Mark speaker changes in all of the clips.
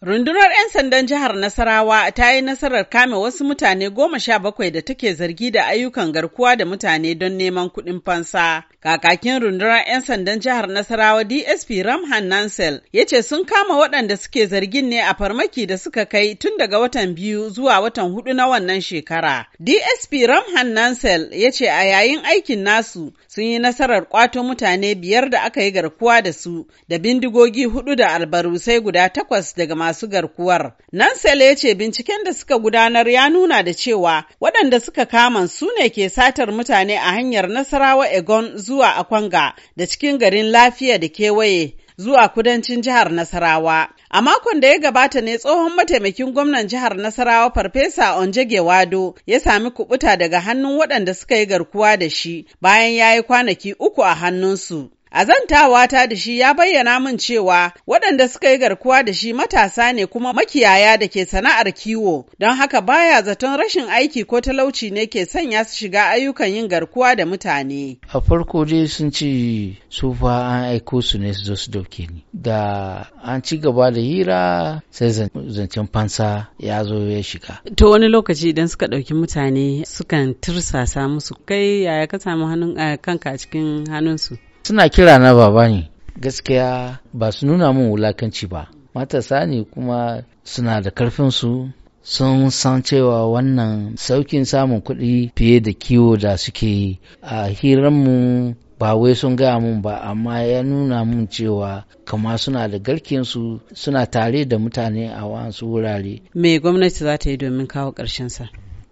Speaker 1: Rundunar 'yan sandan jihar Nasarawa ta yi nasarar kame wasu mutane goma sha bakwai da take zargi da ayyukan garkuwa da mutane don neman kuɗin fansa. Kakakin rundunar 'yan sandan jihar Nasarawa DSP Ramhan Nansel ya ce sun kama waɗanda suke zargin ne a farmaki da suka kai tun daga watan biyu zuwa watan hudu na wannan shekara. DSP Ramhan Nansel ya ce a yayin aikin nasu sun yi nasarar kwato mutane biyar da aka yi garkuwa da su da bindigogi hudu da albarusai guda takwas daga masu garkuwar. Nansel ya ce binciken da suka gudanar ya nuna da cewa waɗanda suka kama su ne ke satar mutane a hanyar Nasarawa Egon zuwa Akwanga da cikin garin lafiya da kewaye. zuwa kudancin jihar Nasarawa. A makon da ya gabata ne tsohon mataimakin gwamnan jihar Nasarawa Farfesa Onjage Wado ya sami kubuta daga hannun waɗanda suka yi garkuwa da shi bayan ya yi kwanaki uku a hannunsu. A zantawa ta da shi ya bayyana min cewa waɗanda suka yi garkuwa da shi matasa ne kuma makiyaya da ke sana'ar kiwo, don haka baya zaton rashin aiki ko talauci ne ke sanya su shiga ayyukan yin garkuwa da mutane.
Speaker 2: A farko dai sun ce su fa an aiko su ne su zo su dauke ni. Da an ci gaba da hira sai zancen fansa ya zo ya shiga.
Speaker 1: To wani lokaci idan suka ɗauki mutane sukan tirsasa musu kai yaya ka samu eh, kanka a cikin hannunsu.
Speaker 2: suna kira na baba ne
Speaker 1: gaskiya
Speaker 2: ba su nuna min wulakanci ba matasa ne kuma suna da karfin su sun san cewa wannan saukin samun kuɗi fiye da kiwo da suke yi a hiranmu ba wai sun gaya mun ba amma ya nuna mun cewa kama suna da garkinsu suna tare da mutane a wasu wurare.
Speaker 1: Me gwamnati za ta yi domin kawo sa?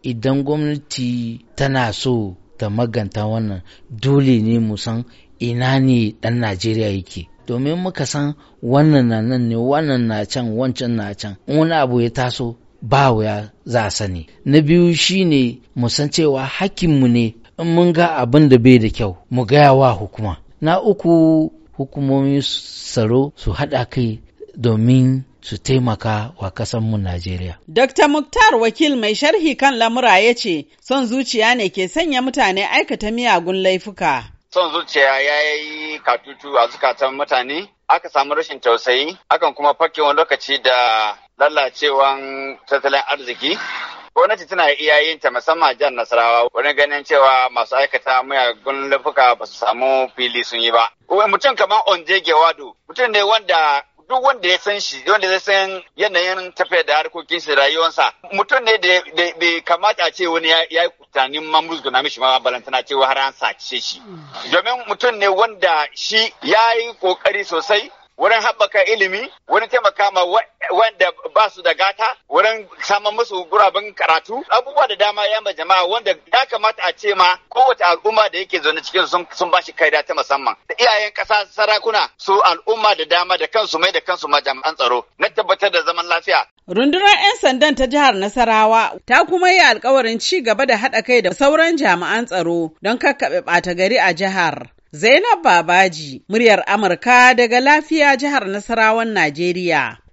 Speaker 2: Idan gwamnati tana so ta maganta wannan dole ne mu ina ne ɗan Najeriya yake. Domin muka san wannan na nan ne wannan na can wancan na can wani abu ya taso ba wuya za a sani. Na biyu shine mu san cewa hakkinmu ne in mun ga abin da bai da kyau mu gaya wa hukuma. Na uku hukumomi tsaro su haɗa kai domin su taimaka wa kasanmu Najeriya.
Speaker 1: Dr. Muktar wakil mai sharhi kan lamura ya ce, son zuciya ne ke sanya mutane aikata miyagun laifuka.
Speaker 3: son zuciya ya yi katutu a zukatan mutane aka samu rashin tausayi akan kuma fake wani lokaci da lalacewan tattalin arziki gwamnati tana iya yin ta musamman jihar nasarawa Wani ganin cewa masu aikata mayagun laifuka ba su samu fili sun yi ba mutum kamar onje wado mutum ne wanda duk wanda ya san shi wanda ya san yanayin tafiyar da harkokin shi rayuwarsa mutum ne da bai kamata a ce wani ya yi kutanin mamuzgu na mishi ma balantana cewa har an sace shi domin mutum ne wanda shi ya yi kokari sosai wurin haɓaka ilimi wurin taimaka ma wanda ba su da gata wurin samun musu guraben karatu abubuwa da dama ya ma jama'a wanda ya kamata a ce ma kowace al'umma da yake zaune cikin sun ba shi kaida ta musamman da iyayen ƙasa sarakuna su al'umma da dama da kansu mai da kansu ma jami'an tsaro na tabbatar da zaman lafiya
Speaker 1: Rundunar 'yan sandan ta jihar Nasarawa ta kuma yi alkawarin ci gaba da haɗa kai da sauran jami'an tsaro don kakkaɓe ɓata gari a jihar. Zainab Babaji, muryar Amurka daga lafiya jihar Nasarawan Najeriya.